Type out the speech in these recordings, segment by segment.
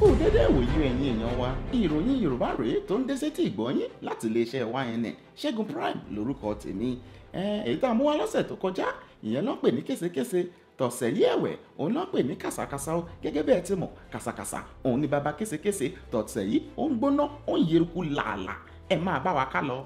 kú dédé ìwòyí ẹ̀yin èèyàn wa ìròyìn yorùbá rèé tó ń dé sétí ìgbọ́yín láti iléeṣẹ́ YNN ṣẹ́gun prime lórúkọ tèmi èyí tá a mú wá lọ́sẹ̀ tó kọjá ìyẹn ló ń pè ní késekése tọ̀sẹ̀ yí ẹ̀wẹ̀ òun ló ń pè ní kàsàkàsà ó gẹ́gẹ́ bẹ́ẹ̀ ti mọ̀ kàsàkàsà òun ni baba késekése tọ̀sẹ̀ yìí ó gbóná ó yẹrùkú làálàá ẹ máa bá wa ká lọ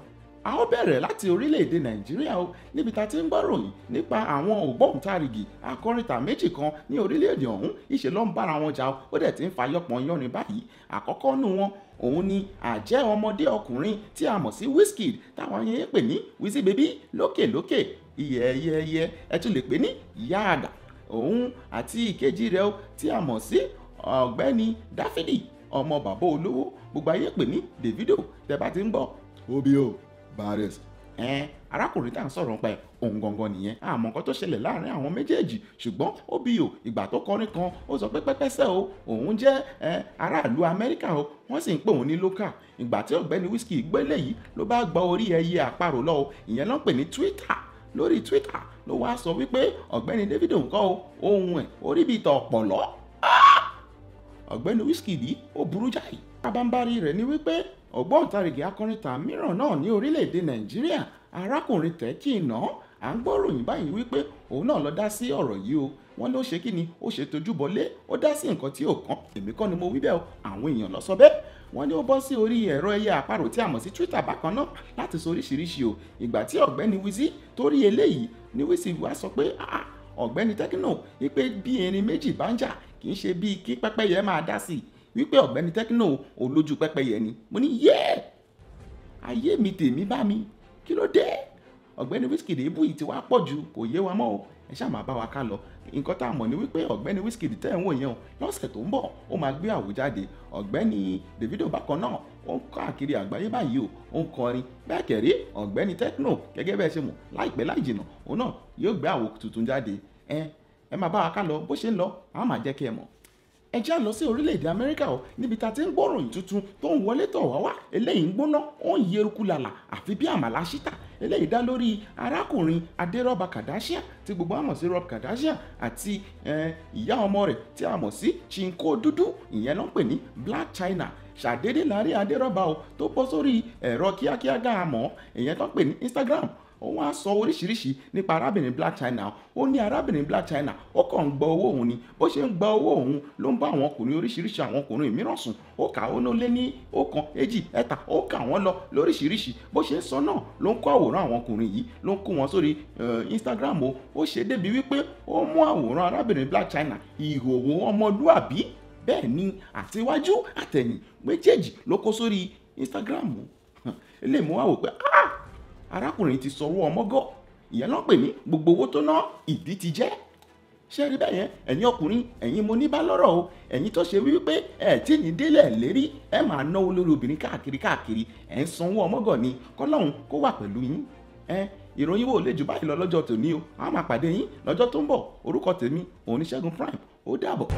a ó bẹ̀rẹ̀ láti orílẹ̀-èdè nàìjíríà o níbi tá a ti ń gbọ́ròyìn nípa àwọn ògbóǹtarìgì akọrinta méjì kan ní orílẹ̀-èdè ọ̀hún ìṣe ló ń bára wọn jà ó dẹ̀ ti ń fa yọpọ̀ yọrin báyìí àkọ́kọ́ nù wọn òun ni àjẹ́ ọmọdé ọkùnrin tí a mọ̀ sí Wizkid táwọn yẹn pè ní Wizzy Baby lókèlókè ìyẹ́yẹ́yẹ́ ẹ tún lè pè ní ìyá àgbà òun àti ìkejì rẹ̀ tí a mọ̀ sí ọ̀gbẹ́ni Dáfídì ọmọ bàbá olówó gbogbo ayé pè ní Davido tẹ bá ti ń gbọ́ obi o Bares, ẹn arákùnrin tá à ń sọ̀rọ̀ nípa ẹ̀ òun gangan nìyẹn àmọ́ nǹkan tó ṣẹlẹ̀ láàrin àwọn méjèèjì ṣùgbọ́n ó bí o ìgbà tó kọrin kan ó sọ pé pẹ́pẹ́sẹ́ o òun jẹ́ aráàlú Amẹ́ríkà o wọ́n sì ń pè òun ní lókà ìgbà tí ọ̀gbẹ́ni Wizkid gbé léyìí ló bá gba orí ẹyẹ àparò lọ o ìyẹn ló ń pè ní Twitter lórí Twitter ló wá sọ wípé ọ̀gbẹ́ni Davido nǹkan o ohun ẹ̀ orí bíi tọ̀ ọ̀pọ̀lọ́ ah! ọ̀gbẹ́ni Wizkid yìí ó burú jáì pabambarì rẹ̀ ni wípé ògbóǹtarìgì akọrin tàmíràn náà ní orílẹ̀-èdè nàìjíríà arákùnrin tẹ́kì náà à ń gbọ́ báyìí wípé òun náà lọ dá sí ọ̀rọ̀ yìí o wọ́n ló ṣe kí ni ó ṣe tojúbọlé ó dá sí nǹkan tí ò kàn èmi kọ́ ni mo wí bẹ́ẹ̀ o àwọn èèyàn lọ sọ bẹ́ẹ̀ wọ́n ní ó bọ́ sí orí ẹ̀rọ ẹyẹ àparò tí a mọ̀ sí Twitter bákan náà láti sọ oríṣiríṣi o ìgbà tí ọ̀gbẹ́ni Wizzy torí eléyìí ni Wizzy wá sọ pé ọ̀gbẹ́ni Tekno wípé bí erin méjì bá ń jà kì í ṣe bí kí pẹ́pẹ́yẹ máa dá sí i wípé ọ̀gbẹ́ni Tekno olójú pẹ́pẹ́yẹ ni mo ní yẹ́ ayé mi tèmi bá mi kí ló dé ọ̀gbẹ́ni Wizkid èébú yìí ti wá pọ̀ jù kò yé wa mọ́ o ẹ ṣáà máa bá wa ká lọ nǹkan tá a mọ̀ ni wípé ọ̀gbẹ́ni Wizkid tẹ́ ẹ̀ ń wò yẹn o lọ́sẹ̀ tó ń bọ̀ ó máa gbé àwo jáde ọ̀gbẹ́ni Davido bákan náà ó ń káàkiri àgbáyé báyìí o ó ń kọrin bẹ́ẹ̀ kẹ̀rí ọ̀gbẹ́ni Tekno gẹ́gẹ́ bẹ́ẹ̀ ṣe mọ̀ láìpẹ́ láì jìnà òun náà yóò gbé àwo tuntun jáde ẹ ẹ máa bá wa ká lọ bó ṣe ń lọ àá máa jẹ́ kí ẹ mọ̀ ẹ já lọ sí orílẹ̀-èdè amẹ́ríkà o níbi tá a ti ń gbọ́ròyìn tuntun tó ń wọlé tọ̀ wá wá eléyìí ń gbóná ó ń yẹ eruku làlà àfi bí àmàlà ṣítà eléyìí dá lórí arákùnrin adérọ́ba kardashian tí gbogbo àmọ̀ sí rob kardashian àti ìyá ọmọ rẹ̀ tí a mọ̀ sí chinko dúdú ìyẹn ló ń pè ní black china ṣàdédé láàrin adérọ́ba o tó bọ́ sórí ẹ̀rọ kíákíá gáàmọ́ ìyẹn tó ń pè ní instagram òun á sọ oríṣiríṣi nípa arábìnrin Black China ó ní arábìnrin Black China ó kàn ń gba owó òun ni bó ṣe ń gba owó òun ló ń bá àwọn ọkùnrin oríṣiríṣi àwọn ọkùnrin mìíràn sùn ó kà ó lé ní ọ̀kan èjì ẹ̀ta ó kà wọ́n lọ lóríṣiríṣi bó ṣe ń sọ náà ló ń kó àwòrán àwọn ọkùnrin yìí ló ń kó wọn sórí Instagram o ó ṣe débi wípé ó mú àwòrán arábìnrin Black China ìhòòhò ọmọlúàbí bẹ́ẹ̀ ni àtiwájú àtẹ̀yìn méjèèjì ló kó sórí Instagram o eléyìí mo wá pé ah arákùnrin ti sọ̀rọ̀ ọmọgọ́ ìyẹn ló ń pè ní gbogbo owó tó ná ìdí ti jẹ́ ṣé rí bẹ́ẹ̀ yẹn ẹ̀yin ọkùnrin ẹ̀yin mo ní bá lọ́rọ̀ o ẹ̀yin tó ṣe wípé ẹ̀ tí ní délẹ̀ lérí ẹ̀ máa náwó lórí obìnrin káàkiri káàkiri ẹ̀ ń sanwó ọmọgọ̀ ni kọ́lọ́hún kó wà pẹ̀lú yín ẹ ìròyìn wo lè jù báyìí lọ lọ́jọ́ tòní o a máa pàdé yín lọ́jọ́ tó ń bọ̀ orúkọ tèmi òun ni Ṣẹ́gun Prime ó dàbọ̀.